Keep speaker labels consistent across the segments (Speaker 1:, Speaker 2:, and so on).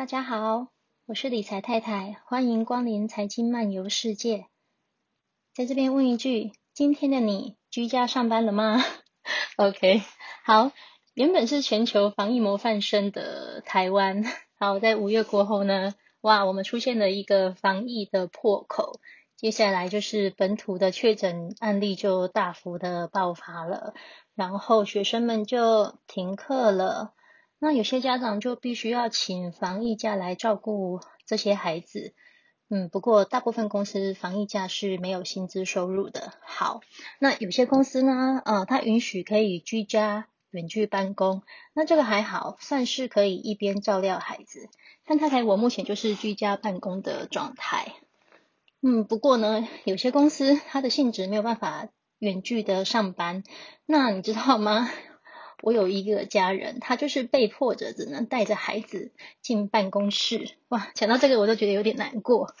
Speaker 1: 大家好，我是理財太太，歡迎光臨財經漫遊世界。在這邊問一句，今天的你居家上班了嗎？OK，好，原本是全球防疫模範生的台灣。好，在五月過後呢，哇，我們出現了一個防疫的破口，接下來就是本土的確診案例就大幅的爆發了，然後學生們就停課了。那有些家長就必須要請防疫假來照顧這些孩子，嗯，不過大部分公司防疫假是沒有薪資收入的。好，那有些公司呢，呃，它允許可以居家遠距辦公，那這個還好，算是可以一邊照料孩子。但太太，我目前就是居家辦公的狀態。嗯，不過呢，有些公司它的性質沒有辦法遠距的上班，那你知道嗎？我有一個家人，他就是被迫着只能帶着孩子進辦公室。哇，想到這個我都覺得有點難過。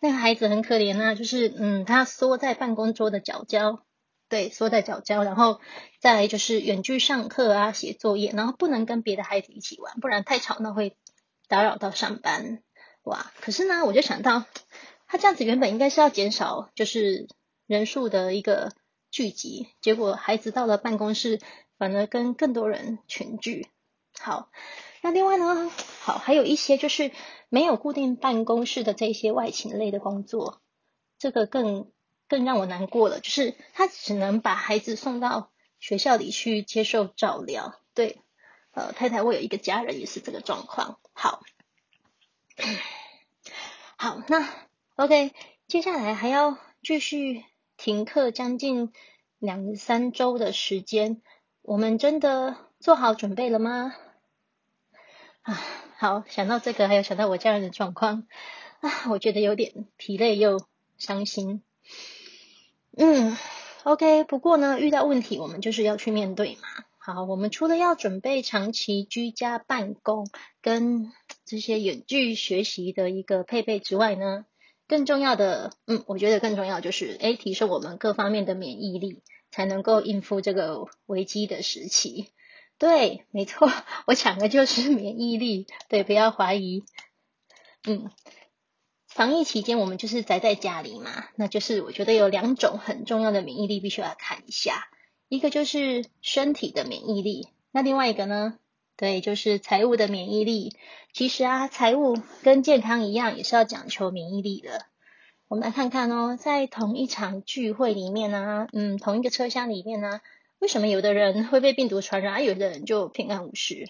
Speaker 1: 那個孩子很可憐啊，就是嗯，他縮在辦公桌的角角，對，縮在角角，然後再就是遠距上課啊，寫作業，然後不能跟別的孩子一起玩，不然太吵鬧會打擾到上班。哇，可是呢，我就想到他這樣子原本應該是要減少就是人數的一個聚集，結果孩子到了辦公室。反而跟更多人群聚。好，那另外呢？好，還有一些就是沒有固定辦公室的這些外勤類的工作，這個更更讓我難過了，就是他只能把孩子送到學校裡去接受照料。對，呃，太太，我有一個家人也是這個狀況。好，好，那 OK，接下來還要繼續停課將近兩三周的時間。我們真的做好準備了嗎？啊，好，想到這個，還有想到我家人的狀況，啊，我覺得有點疲累又傷心。嗯，OK，不過呢，遇到問題我們就是要去面對嘛。好，我們除了要準備長期居家辦公跟這些遠距學習的一個配備之外呢，更重要的，嗯，我覺得更重要的就是，哎、欸，提升我們各方面的免疫力。才能夠應付這個危機的時期，對，沒錯，我講的就是免疫力，對，不要懷疑。嗯，防疫期間我們就是宅在家裡嘛，那就是我覺得有兩種很重要的免疫力必須要看一下，一個就是身體的免疫力，那另外一個呢，對，就是財務的免疫力。其實啊，財務跟健康一樣，也是要講求免疫力的。我們來看看哦，在同一場聚會裡面呢、啊，嗯，同一個車廂裡面呢、啊，為什麼有的人會被病毒傳染，而有的人就平安無事？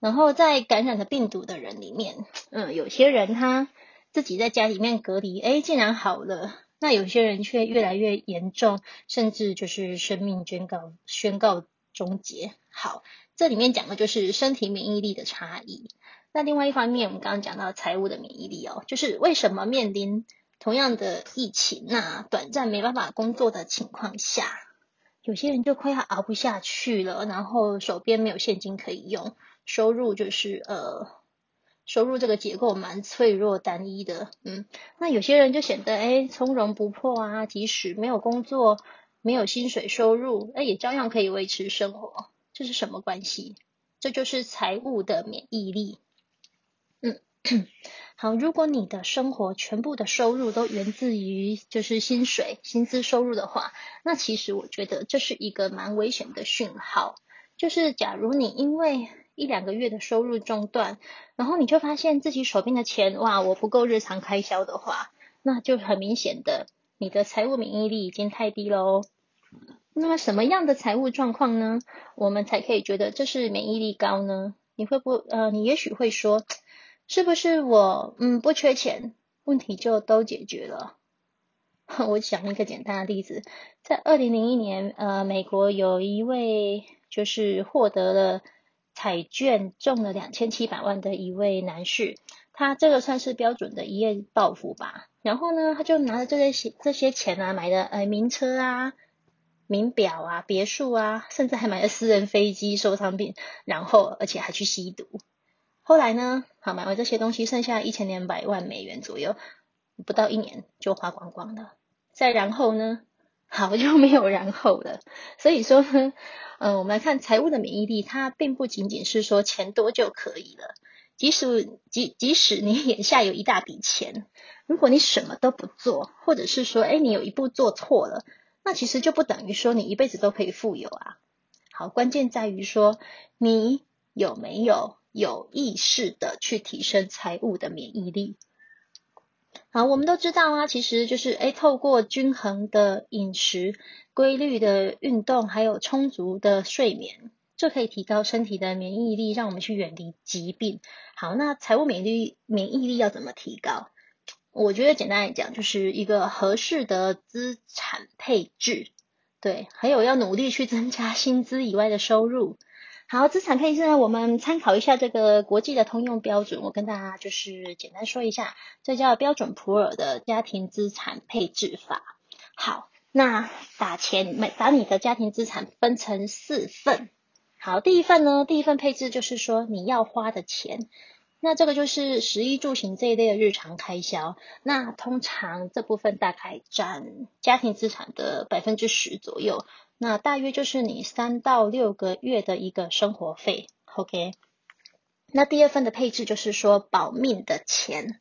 Speaker 1: 然後在感染的病毒的人裡面，嗯，有些人他自己在家裡面隔離，誒、哎，竟然好了；那有些人卻越來越嚴重，甚至就是生命宣告宣告終結。好，這裡面講的就是身體免疫力的差異。那另外一方面，我們剛剛講到財務的免疫力哦，就是為什麼面臨。同樣的疫情啊，那短暫沒辦法工作的情況下，有些人就快要熬不下去了，然後手邊沒有現金可以用，收入就是呃，收入這個結構蠻脆弱單一的，嗯，那有些人就顯得誒從容不迫啊，即使沒有工作、沒有薪水收入，哎也照樣可以維持生活，這是什麼關係？這就是財務的免疫力，嗯。 好，如果你的生活全部的收入都源自於就是薪水、薪資收入的話，那其實我覺得這是一個蠻危險的訊號。就是假如你因為一兩個月的收入中斷，然後你就發現自己手邊的錢，哇，我不夠日常開銷的話，那就很明顯的你的財務免疫力已經太低咯。那麼什麼樣的財務狀況呢？我們才可以覺得這是免疫力高呢？你會不？呃，你也許會說。是不是我嗯，不缺錢，問題就都解決了？ 我想一個簡單的例子，在二零零一年，呃，美國有一位就是獲得了彩券，中了兩千七百萬的一位男士，他這個算是標準的一夜暴富吧。然後呢，他就拿着這些這些錢啊，買的呃名車啊、名表啊、別墅啊，甚至還買了私人飛機、收藏品，然後而且還去吸毒。後來呢？好，買完這些東西，剩下一千兩百萬美元左右，不到一年就花光光了。再然後呢？好，就沒有然後了。所以說呢，嗯，我們來看財務的免疫力，它並不僅僅是說錢多就可以了。即使即即使你眼下有一大筆錢，如果你什麼都不做，或者是說，哎，你有一步做錯了，那其實就不等於說你一輩子都可以富有啊。好，關鍵在於說你有沒有。有意識的去提升財務的免疫力。好，我們都知道啊，其實就是哎，透過均衡的飲食、規律的運動，還有充足的睡眠，就可以提高身體的免疫力，讓我們去遠離疾病。好，那財務免疫力免疫力要怎麼提高？我覺得簡單來講，就是一個合適的資產配置，對，還有要努力去增加薪資以外的收入。好，資產配置呢？我們參考一下這個國際的通用標準，我跟大家就是簡單說一下，這叫標準普爾的家庭資產配置法。好，那把錢把你的家庭資產分成四份。好，第一份呢，第一份配置就是說你要花的錢，那這個就是食衣住行這一類的日常開銷，那通常這部分大概占家庭資產的百分之十左右。那大約就是你三到六個月的一個生活費，OK，那第二份的配置就是說保命的錢，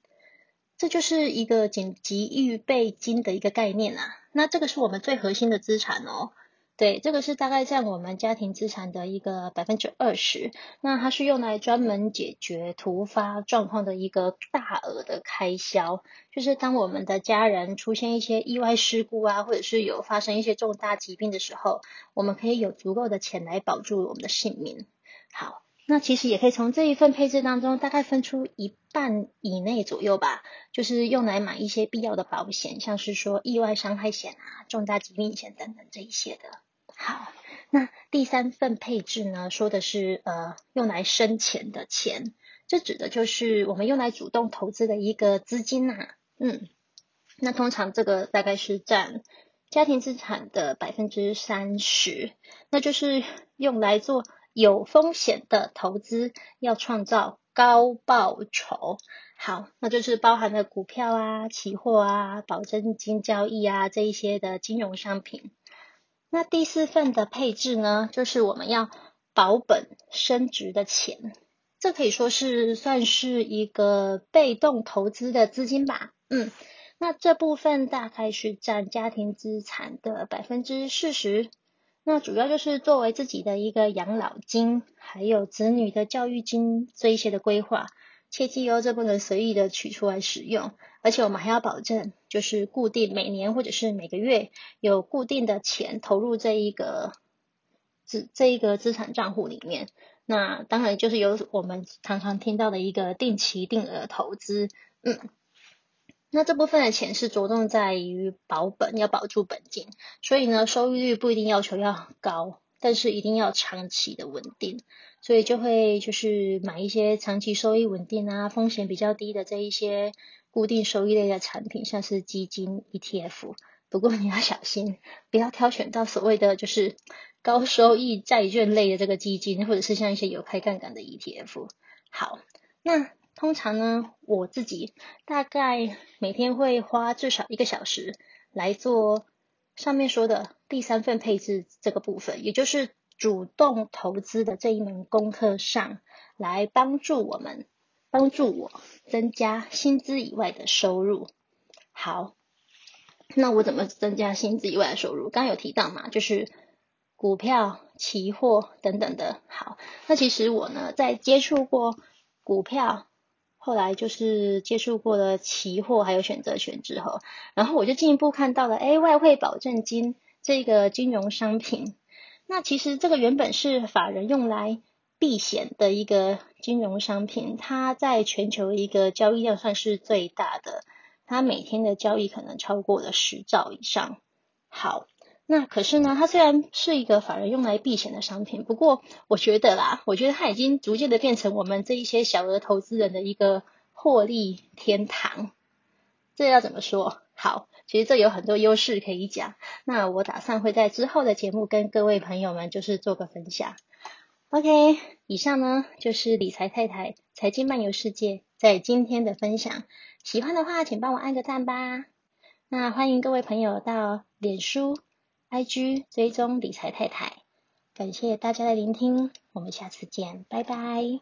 Speaker 1: 這就是一個緊急預備金的一個概念啊。那這個是我們最核心的資產哦。對，這個是大概佔我們家庭資產的一個百分之二十。那它是用來專門解決突發狀況的一個大額的開銷，就是當我們的家人出現一些意外事故啊，或者是有發生一些重大疾病的時候，我們可以有足夠的錢來保住我們的性命。好，那其實也可以從這一份配置當中，大概分出一半以內左右吧，就是用來買一些必要的保險，像是說意外傷害險啊、重大疾病險等等這一些的。好，那第三份配置呢，說的是呃，用來生錢的錢，這指的就是我們用來主動投資的一個資金吶啊。嗯，那通常這個大概是占家庭資產的百分之三十，那就是用來做有風險的投資，要創造高報酬。好，那就是包含了股票啊、期貨啊、保證金交易啊這一些的金融商品。那第四份的配置呢，就是我們要保本升值的錢，這可以說是算是一個被動投資的資金吧。嗯，那這部分大概是占家庭資產的百分之四十，那主要就是作為自己的一個養老金，還有子女的教育金這一些的規劃。切記哦，這不能隨意的取出來使用，而且我們還要保證，就是固定每年或者是每個月有固定的錢投入這一個資這一個資產賬戶裡面。那當然就是由我們常常聽到的一個定期定額投資，嗯，那這部分的錢是着重在於保本，要保住本金，所以呢，收益率，不一定要求要很高，但是一定要長期的穩定，所以就會就是買一些長期收益穩定啊、風險比較低的這一些固定收益類的產品，像是基金、ETF。不過你要小心，不要挑選到所謂的就是高收益債券類的這個基金，或者是像一些有開槓桿的 ETF。好，那通常呢，我自己大概每天會花至少一個小時來做。上面說的第三份配置這個部分，也就是主動投資的這一門功課上來幫助我們，幫助我增加薪資以外的收入。好，那我怎麼增加薪資以外的收入？剛剛有提到嘛，就是股票、期貨等等的。好，那其實我呢，在接觸過股票。後來就是接觸過了期貨，還有選擇權之後，然後我就進一步看到了，哎，外匯保證金這個金融商品。那其實這個原本是法人用來避險的一個金融商品，它在全球一個交易量算是最大的，它每天的交易可能超過了十兆以上。好。那可是呢，它雖然是一個法人用來避險的商品，不過我覺得啦，我覺得它已經逐漸的變成我們這一些小額投資人的一個獲利天堂。這要怎麼說？好，其實這有很多優勢可以講。那我打算會在之後的節目跟各位朋友們就是做個分享。OK，以上呢就是理財太太財經漫遊世界在今天的分享。喜歡的話，請幫我按個讚吧。那歡迎各位朋友到臉書。IG 追蹤理財太太，感謝大家的聆聽，我們下次見，拜拜。